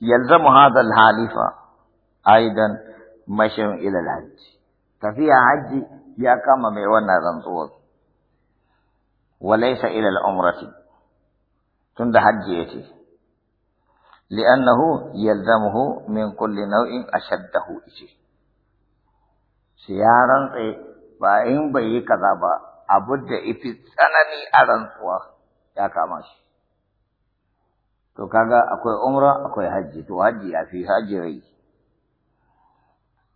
يلزم هذا الحالف أيضا مشي إلى الحج ففي حج يا كما ميوانا رنطوض وليس إلى العمرة تند حجيتي لأنه يلزمه من كل نوع أشده إشي سيارا فإن بي كذا أبد في السنن يا كما شي to kaga akwai umra akwai haji to haji ya fi haji rai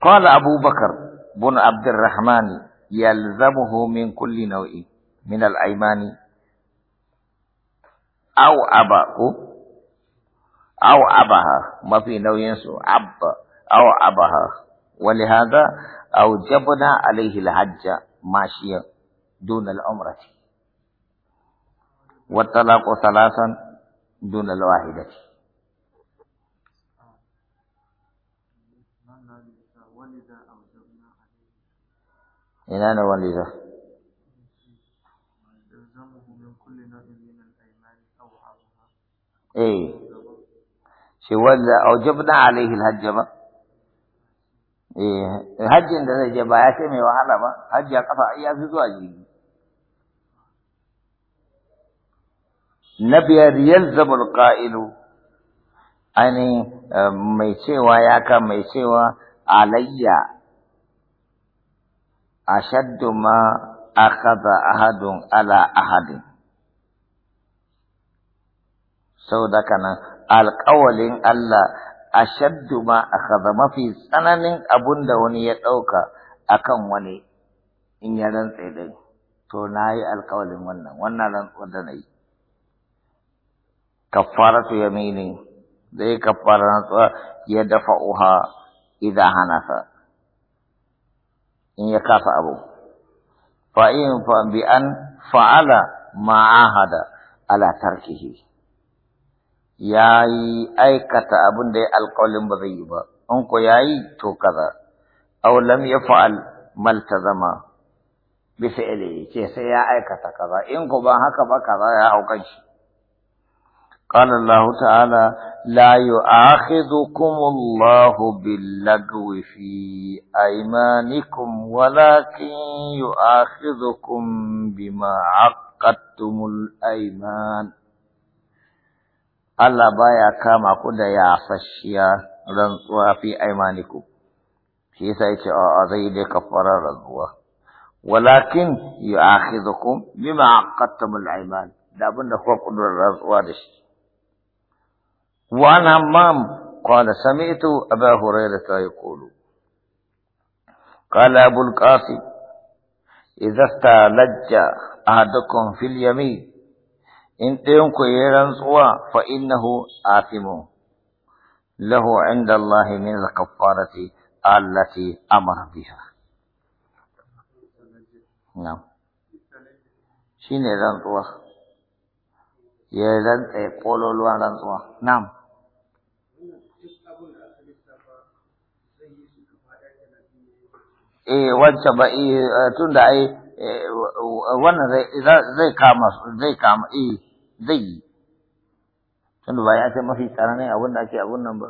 qala abubakar bin abdurrahman yalzamuhu min kulli naw'i min al-aymani aw aba aw abaha ma fi nauyin su abba aw abaha ولهذا أوجبنا عليه الحج ماشيا دون العمرة والطلاق ثلاثا دون الواحدة إن أنا ولده إيه شي ولد أوجبنا عليه الهجمة إيه الهج إن ذا جبا يا سمي وحلا با هج قفا في زواجي na biyar yalzabul qa'ilu ani mai cewa ya ka mai cewa alayya A shaddu ma akhadha ahadun ala ahadin da kanan alƙawalin Allah a ashaddu ma kaza mafi tsananin abun da wani ya ɗauka a kan wani in ya rantse din to na yi alƙawalin wannan wannan rantsuwar da yi. كفارة يميني ذي كفارة يدفعها إذا حنث إن يكاف أبو فإن بأن فعل ما عاهد على تركه يا أي كتا أبن دي القول بضيبا أنكو يا أي تو كذا أو لم يفعل ما التزم بفعله كيف يا أي كتاب كذا إنكو باها كذا يا أوكيش قال الله تعالى لا يؤاخذكم الله باللغو في ايمانكم ولكن يؤاخذكم بما عقدتم الايمان الله بايا كما قد يا فشيا رنوا في ايمانكم شيء سايت ازي دي كفاره ولكن يؤاخذكم بما عقدتم الايمان دابن دخوا قدر رنوا دشي وعن همام قال سمعت أبا هريرة يقول قال أبو القاسم إذا استعلج أحدكم في اليمين إن تنكو سوا فإنه آثم له عند الله من الكفارة التي أمر بها نعم شين رنسوا يرنسوا إيه، قولوا سوا نعم eh wacce ba eh, tun da ai eh, wannan zai kama zai kama eh zai yi tun da ba ya ce mafi tsananin abin da ake abun nan ba